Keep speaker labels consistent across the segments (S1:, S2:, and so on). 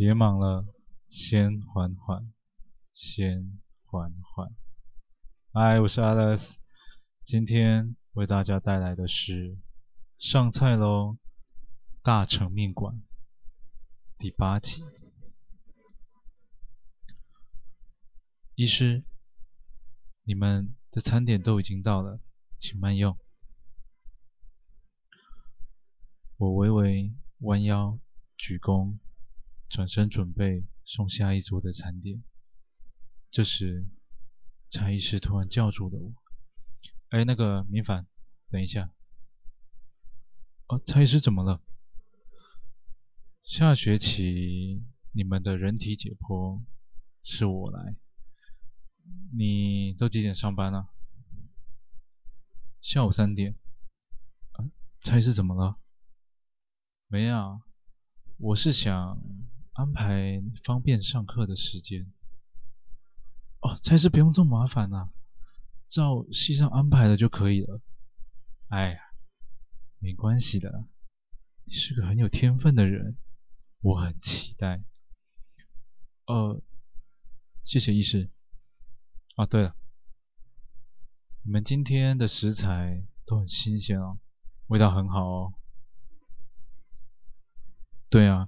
S1: 別忙了，先緩緩，先緩緩。嗨，我是 Alice 今天為大家帶來的是《上菜嘍大成面館》第八集。醫師，你們的餐點都已經到了，請慢用。我微微彎腰，鞠躬。轉身準備送下一桌的餐點，這時，蔡醫師突然叫住了我：“哎，那個，明凡，等一下。啊”“哦，蔡醫師怎麼了？”“下學期你們的人體解剖是我來。”“你都幾點上班了、啊？”“下午三點。啊”“蔡醫師怎麼了？”“沒啊，我是想……”安排方便上課的時間。哦，蔡醫師不用這麼麻煩吶、啊，照系上安排的就可以了。哎呀，沒關係的，你是個很有天分的人，我很期待。呃，謝謝醫師。啊，對了，你們今天的食材都很新鮮哦，味道很好哦。對啊，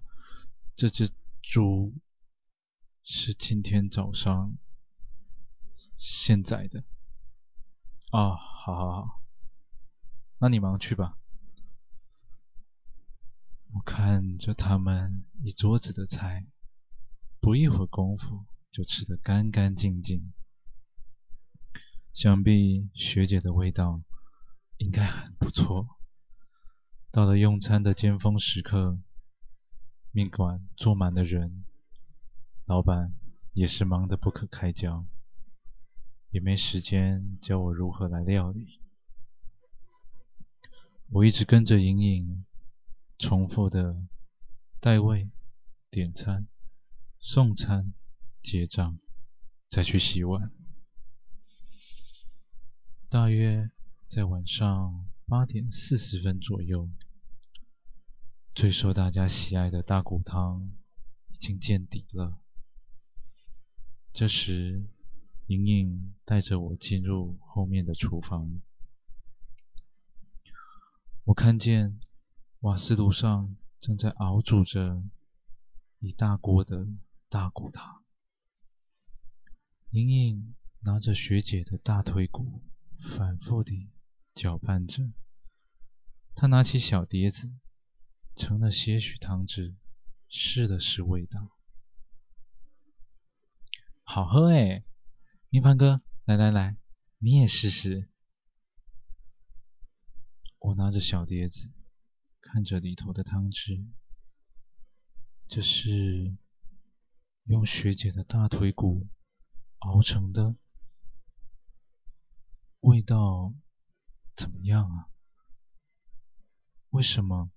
S1: 這隻。豬是今天早上現宰的啊、哦，好好好，那你忙去吧。我看着他們一桌子的菜，不一會兒功夫就吃得干干淨淨，想必學姐的味道應該很不錯。到了用餐的尖峰時刻。麵館坐滿了人，老闆也是忙得不可開交，也沒時間教我如何來料理。我一直跟着瑩瑩重複的帶位、點餐、送餐、結賬，再去洗碗。大約在晚上八點四十分左右。最受大家喜愛的大骨湯已經見底了。這時，瑩瑩帶着我進入後面的廚房，我看見瓦斯爐上正在熬煮着一大鍋的大骨湯。瑩瑩拿着學姐的大腿骨，反覆地攪拌着，她拿起小碟子，盛了些許湯汁，試了試味道，好喝誒、欸，明凡哥，來來來，你也試試。我拿着小碟子，看着裡頭的湯汁，這是用學姐的大腿骨熬成的，味道怎麼樣啊？為什麼？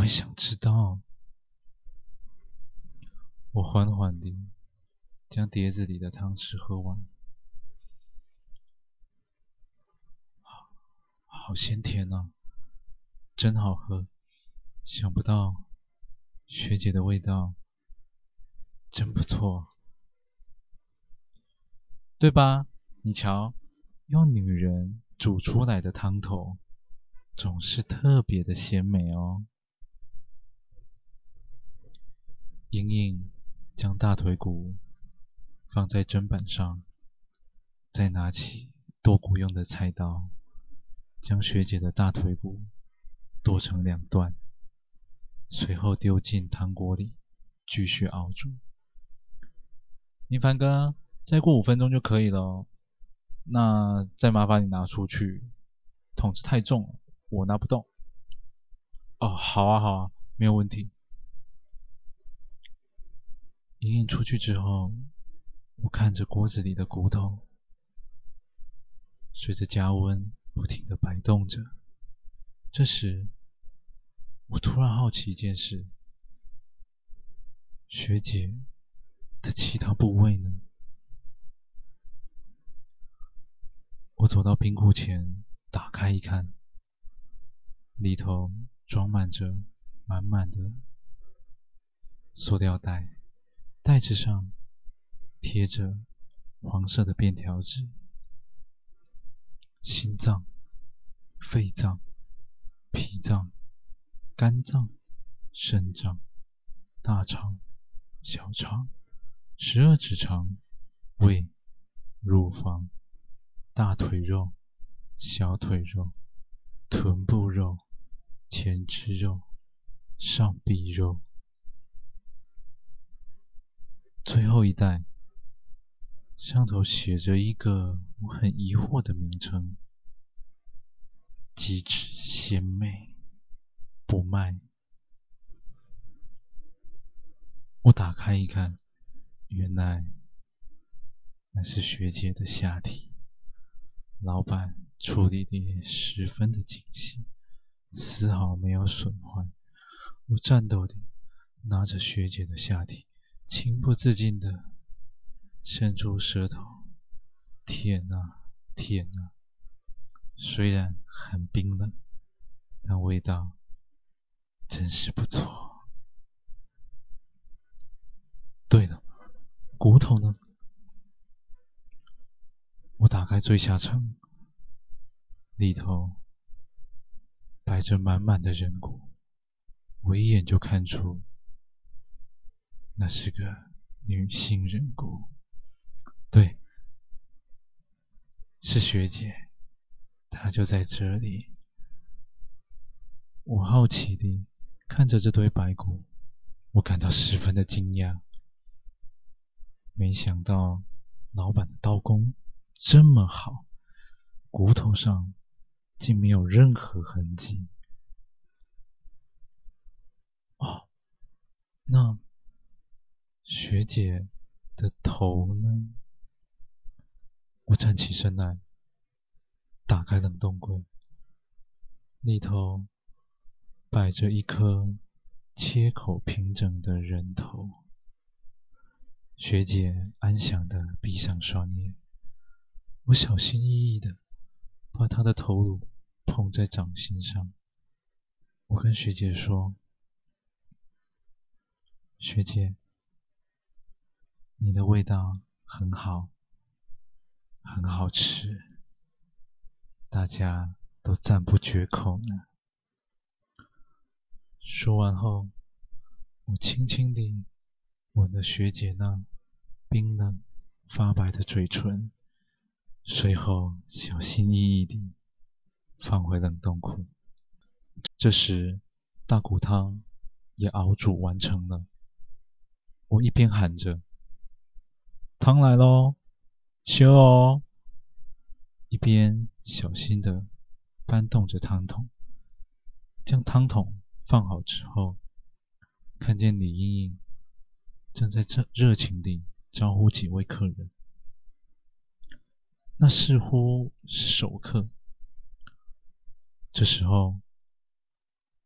S1: 我也想知道。我緩緩地將碟子裡的湯汁喝完，好，好鮮甜啊！真好喝，想不到學姐的味道真不錯，對吧？你瞧，用女人煮出來的湯頭總是特別的鮮美哦。瑩瑩將大腿骨放在砧板上，再拿起剁骨用的菜刀，將學姐的大腿骨剁成兩段，隨後丟進湯鍋裡繼續熬煮。明凡哥，再過五分鐘就可以了，那再麻煩你拿出去，桶子太重了，我拿不動。哦，好啊，好啊，沒有問題。瑩瑩出去之後，我看着鍋子裡的骨頭，隨着加溫不停地擺動着。這時，我突然好奇一件事：學姐的其他部位呢？我走到冰庫前，打開一看，裡頭裝滿着滿滿的塑膠袋。袋子上貼着黃色的便條紙。心臟、肺臟、脾臟、肝臟、腎臟、大腸、小腸、十二指腸、胃、乳房、大腿肉、小腿肉、臀部肉、前肢肉、上臂肉。最後一袋，上頭寫着一個我很疑惑的名稱：極致鮮美，不賣。我打開一看，原來那是學姐的下體。老闆處理的也十分的精細，絲毫沒有損壞。我顫抖地拿着學姐的下體。情不自禁的伸出舌頭，舔吶舔吶，雖然很冰冷，但味道真是不錯。對了，骨頭呢？我打開最下層，裡頭擺着滿滿的人骨，我一眼就看出。那是個女性人骨，對，是學姐，她就在這裡。我好奇地看着這堆白骨，我感到十分的驚訝。沒想到老板的刀工這麼好，骨頭上竟沒有任何痕跡。哦，那……學姐的頭呢？我站起身來，打開冷凍櫃，裡頭擺着一顆切口平整的人頭。學姐安詳的閉上雙眼，我小心翼翼的把她的頭顱捧在掌心上。我跟學姐說：“學姐。”你的味道很好，很好吃，大家都讚不絕口呢。說完後，我輕輕地吻了學姐那冰冷、發白的嘴唇，隨後小心翼翼地放回冷凍庫。這時，大骨湯也熬煮完成了。我一邊喊着，湯來嘍，燒喔，一邊小心的搬動着湯桶，將湯桶放好之後，看見李瑩瑩正在這熱情地招呼幾位客人，那似乎是熟客。這時候，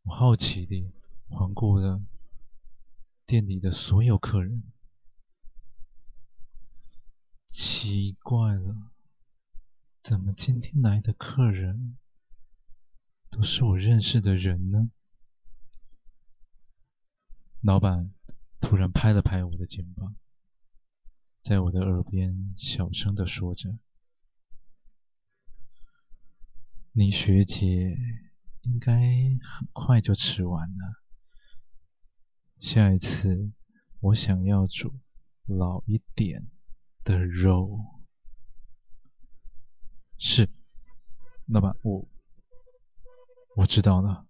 S1: 我好奇地環顧了店裡的所有客人。奇怪了，怎麼今天來的客人都是我認識的人呢？老闆突然拍了拍我的肩膀，在我的耳邊小聲的說着：“你學姐應該很快就吃完了。下一次我想要煮老一點的肉。”的肉是，老板，我、我知道了。